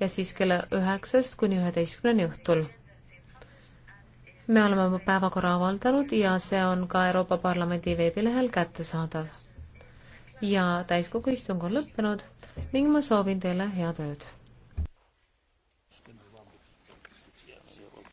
ja siis kella üheksast kuni üheteistkümneni õhtul. me oleme oma päevakorra avaldanud ja see on ka Euroopa Parlamendi veebilehel kättesaadav. ja täiskogu istung on lõppenud ning ma soovin teile head ööd!